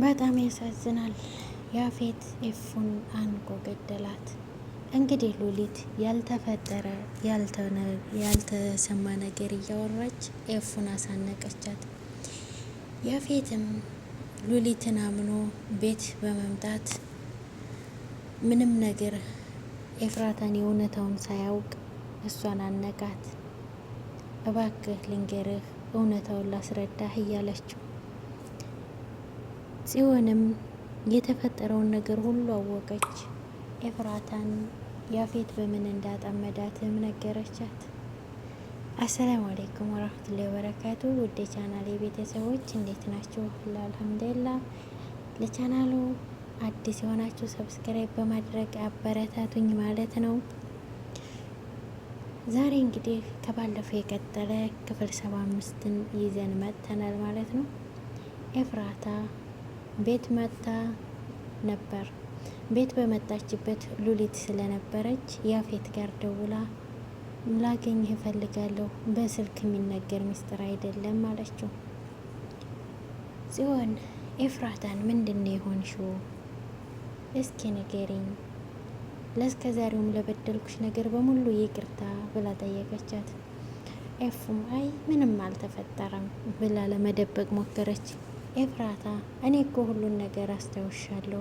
በጣም ያሳዝናል። ያፌት ኤፉን አንቆ ገደላት። እንግዲህ ሉሊት ያልተፈጠረ ያልተሰማ ነገር እያወራች ኤፉን አሳነቀቻት። ያፌትም ሉሊትን አምኖ ቤት በመምጣት ምንም ነገር ኤፍራታን የእውነታውን ሳያውቅ እሷን አነቃት። እባክህ ልንገርህ እውነታውን ላስረዳህ እያለችው ጽዮንም የተፈጠረውን ነገር ሁሉ አወቀች። ኤፍራታን ያፌት በምን እንዳጠመዳትም ነገረቻት። አሰላሙ አሌይኩም ወራህመቱላሂ ወበረካቱ ውድ የቻናሌ ቤተሰቦች እንዴት ናችሁ? አልሐምዱሊላ። ለቻናሉ አዲስ የሆናችሁ ሰብስክራይብ በማድረግ አበረታቱኝ ማለት ነው። ዛሬ እንግዲህ ከባለፈው የቀጠለ ክፍል ሰባ አምስትን ይዘን መጥተናል ማለት ነው። ኤፍራታ ቤት መታ ነበር። ቤት በመጣችበት ሉሊት ስለነበረች ያፌት ጋር ደውላ ላገኝህ እፈልጋለሁ፣ በስልክ የሚነገር ሚስጥር አይደለም አለችው። ጽዮን ኤፍራታን ምንድነው ነው የሆንሽው? እስኪ ንገሪኝ፣ ለእስከ ዛሬውም ለበደልኩሽ ነገር በሙሉ ይቅርታ ብላ ጠየቀቻት። ኤፉም አይ ምንም አልተፈጠረም ብላ ለመደበቅ ሞከረች። ኤፍራታ እኔ እኮ ሁሉን ነገር አስታውሻለሁ፣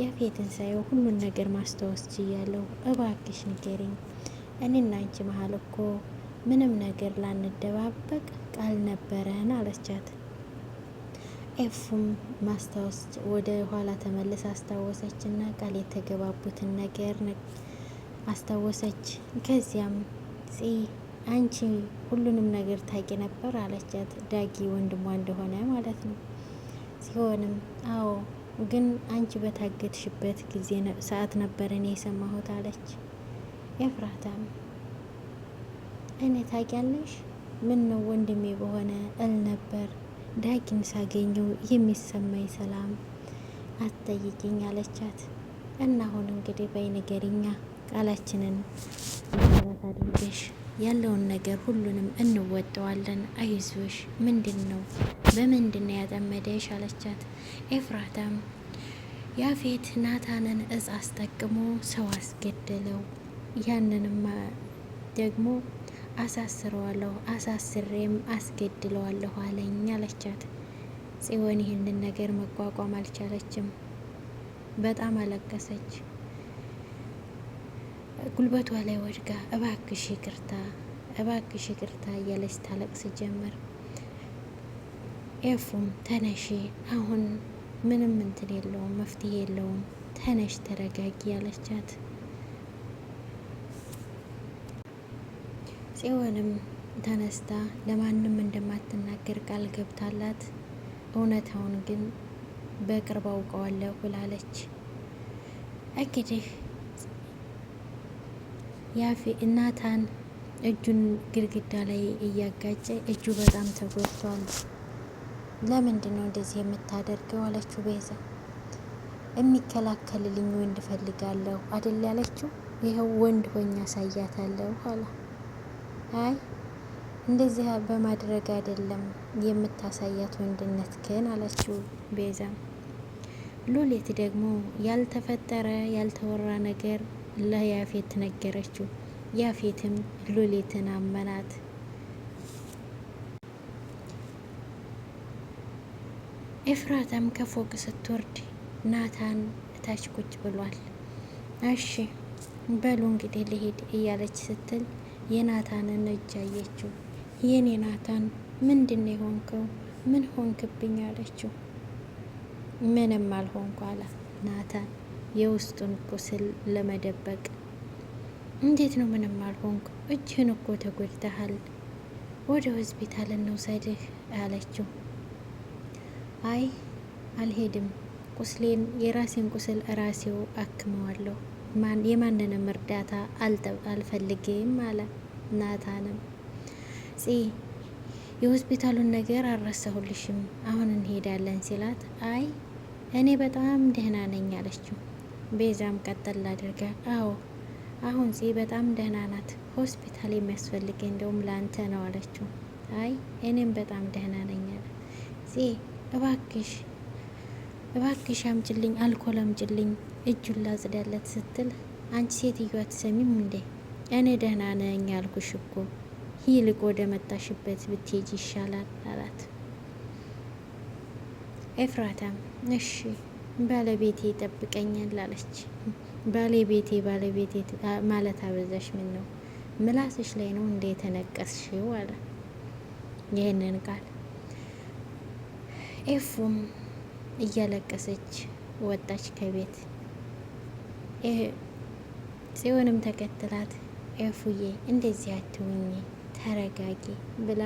የፌትን ሳየው ሁሉን ነገር ማስታወስ ችያለሁ። እባክሽ ንገሪኝ፣ እኔና አንቺ መሀል እኮ ምንም ነገር ላንደባበቅ ቃል ነበረን አለቻት። ኤፉም ማስታወስ ወደ ኋላ ተመልስ አስታወሰች እና ቃል የተገባቡትን ነገር አስታወሰች። ከዚያም ጽ አንቺ ሁሉንም ነገር ታቂ ነበር አለቻት። ዳጊ ወንድሟ እንደሆነ ማለት ነው። ሲሆንም አዎ ግን አንቺ በታገትሽበት ጊዜ ሰዓት ነበር እኔ የሰማሁት አለች ኤፍራታም። እኔ ታውቂያለሽ፣ ምን ነው ወንድሜ በሆነ እል ነበር ዳግን ሳገኘው የሚሰማኝ ሰላም አትጠይቅኝ አለቻት። እና አሁን እንግዲህ በይነገሪኛ ቃላችንን መሰረት አድርገሽ ያለውን ነገር ሁሉንም እንወጠዋለን። አይዞሽ ምንድን ነው በምንድን ነው ያጠመደሽ አለቻት። ኤፍራታም ያፌት ናታንን እጽ አስጠቅሞ ሰው አስገደለው፣ ያንንም ደግሞ አሳስረዋለሁ አሳስሬም አስገድለዋለሁ አለኝ አለቻት። ጽዮን ይህንን ነገር መቋቋም አልቻለችም፣ በጣም አለቀሰች። ጉልበቷ ላይ ወድቃ እባክሽ ይቅርታ፣ እባክሽ ይቅርታ እያለች ታለቅስ ጀመር። ኤፉም ተነሺ፣ አሁን ምንም እንትን የለውም መፍትሄ የለውም፣ ተነሽ፣ ተረጋጊ ያለቻት ጽዮንም ተነስታ ለማንም እንደማትናገር ቃል ገብታላት እውነታውን ግን በቅርብ አውቀዋለሁ ብላለች። እንግዲህ ያፌ እናታን እጁን ግድግዳ ላይ እያጋጨ እጁ በጣም ተጎድቷል። ለምንድን ነው እንደዚህ የምታደርገው አለችው ቤዛ። የሚከላከልልኝ ወንድ ፈልጋለሁ አደል ያለችው። ይኸው ወንድ ሆኜ አሳያታለሁ። ኋላ አይ እንደዚህ በማድረግ አይደለም የምታሳያት ወንድነት ክን አለችው ቤዛ። ሉሌት ደግሞ ያልተፈጠረ ያልተወራ ነገር ለያፌት ነገረችው። ያፌትም ሉሊትን አመናት። ኤፍራታም ከፎቅ ስትወርድ ናታን እታች ቁጭ ብሏል። እሺ በሉ እንግዲህ ልሄድ እያለች ስትል የናታንን እጅ አየችው። የኔ ናታን ምንድነው ነው የሆንከው? ምን ሆንክብኝ? አለችው። ምንም አልሆንኩ አለ ናታን። የውስጡን ቁስል ለመደበቅ እንዴት ነው ምንም አልሆንኩ፣ እጅህን እኮ ተጎድተሃል፣ ወደ ሆስፒታል እንውሰድህ አለችው። አይ አልሄድም፣ ቁስሌን የራሴን ቁስል ራሴው አክመዋለሁ፣ የማንንም እርዳታ አልፈልግም አለ ናታንም። ጽ የሆስፒታሉን ነገር አልረሳሁልሽም፣ አሁን እንሄዳለን ሲላት፣ አይ እኔ በጣም ደህና ነኝ አለችው። ቤዛም ቀጠል አድርጋል አዎ አሁን ጺ በጣም ደህና ናት። ሆስፒታል የሚያስፈልገ እንደውም ለአንተ ነው አለችው። አይ እኔም በጣም ደህና ነኝ አለ ጺ። እባክሽ እባክሽ አምጭልኝ፣ አልኮል አምጭልኝ፣ እጁን ላጽዳለት ስትል አንቺ ሴትዮ አትሰሚም እንዴ? እኔ ደህና ነኝ አልኩሽ እኮ ይልቅ ወደ መጣሽበት ብትሄጅ ይሻላል አላት። ኤፍራታም እሺ ባለቤቴ ይጠብቀኛል አለች። ባለቤቴ ባለቤቴ ማለት አበዛሽ። ምን ነው ምላስሽ ላይ ነው እንደ የተነቀስሽው አለ። ይህንን ቃል ኤፉም እያለቀሰች ወጣች ከቤት። ጽዮንም ተከትላት ኤፉዬ እንደዚህ አትሁኚ ተረጋጊ ብላ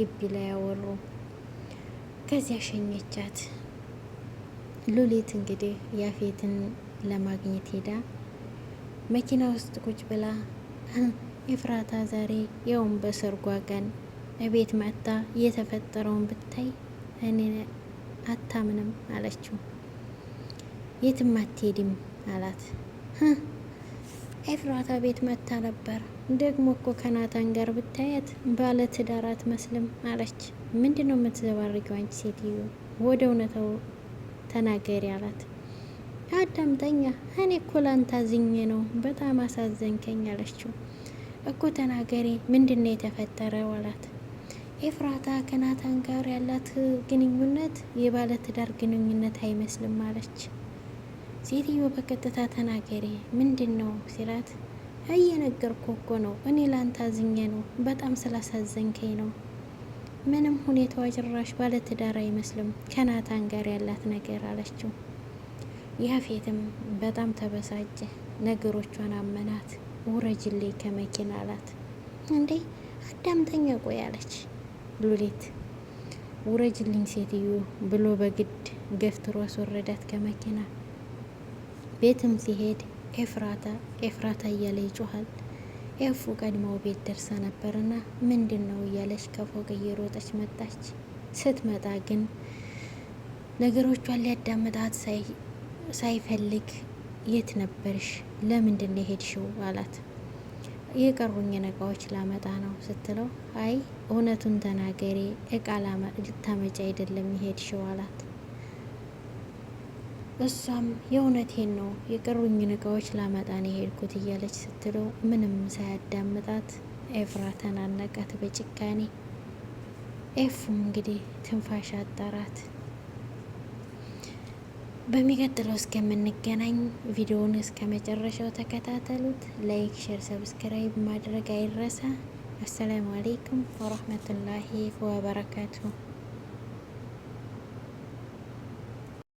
ግቢ ላይ ያወሩ። ከዚያ ሸኘቻት። ሉሊት እንግዲህ ያፌትን ለማግኘት ሄዳ መኪና ውስጥ ቁጭ ብላ ኤፍራታ ዛሬ ያውም በሰርጓ ቀን እቤት መጥታ የተፈጠረውን ብታይ እኔ አታምንም አለችው። የትም አትሄድም አላት። ኤፍራታ ቤት መታ ነበር። ደግሞ እኮ ከናታን ጋር ብታያት ባለ ትዳር አትመስልም አለች። ምንድን ነው የምትዘባርቂው አንቺ ሴትዮ? ወደ እውነታው ተናገሪ አላት። አዳምጠኛ እኔ እኮ ላንተ አዝኜ ነው በጣም አሳዘንከኝ አለችው። እኮ ተናገሪ ምንድን ነው የተፈጠረው አላት። ኤፍራታ ከናታን ጋር ያላት ግንኙነት የባለትዳር ግንኙነት አይመስልም አለች። ሴትዮ በቀጥታ ተናገሪ ምንድን ነው ሲላት፣ እየነገርኩ እኮ ነው እኔ ላንተ አዝኜ ነው በጣም ስላሳዘንከኝ ነው ምንም ሁኔታዋ ጭራሽ ባለትዳር አይመስልም ከናታን ጋር ያላት ነገር አለችው። ያፌትም በጣም ተበሳጨ። ነገሮቿን አመናት። ውረጅልኝ ከመኪና አላት። እንዴ አዳምጠኛ ቆይ አለች ሉሊት። ውረጅልኝ ሴትዮ ብሎ በግድ ገፍትሮ አስወረዳት ከመኪና። ቤትም ሲሄድ ኤፍራታ ኤፍራታ እያለ ይጮኋል። ኤፉ ቀድመው ቤት ደርሳ ነበርና ምንድን ነው እያለች ከፎቅ እየሮጠች መጣች። ስትመጣ ግን ነገሮቿን ሊያዳምጣት ሳይፈልግ የት ነበርሽ? ለምንድን የሄድሽው? አላት። የቀሩኝን እቃዎች ላመጣ ነው ስትለው፣ አይ እውነቱን ተናገሬ እቃ ልታመጪ አይደለም የሄድሽው አላት። እሷም የእውነቴን ነው የቀሩኝን እቃዎች ለመጣን የሄድኩት እያለች ስትለው ምንም ሳያዳምጣት ኤፍራ ተናነቃት በጭካኔ። ኤፉም እንግዲህ ትንፋሽ አጣራት። በሚቀጥለው እስከምንገናኝ ቪዲዮውን እስከ መጨረሻው ተከታተሉት። ላይክ፣ ሼር፣ ሰብስክራይብ ማድረግ አይረሳ። አሰላሙ አሌይኩም ወረህመቱላሂ ወበረካቱሁ።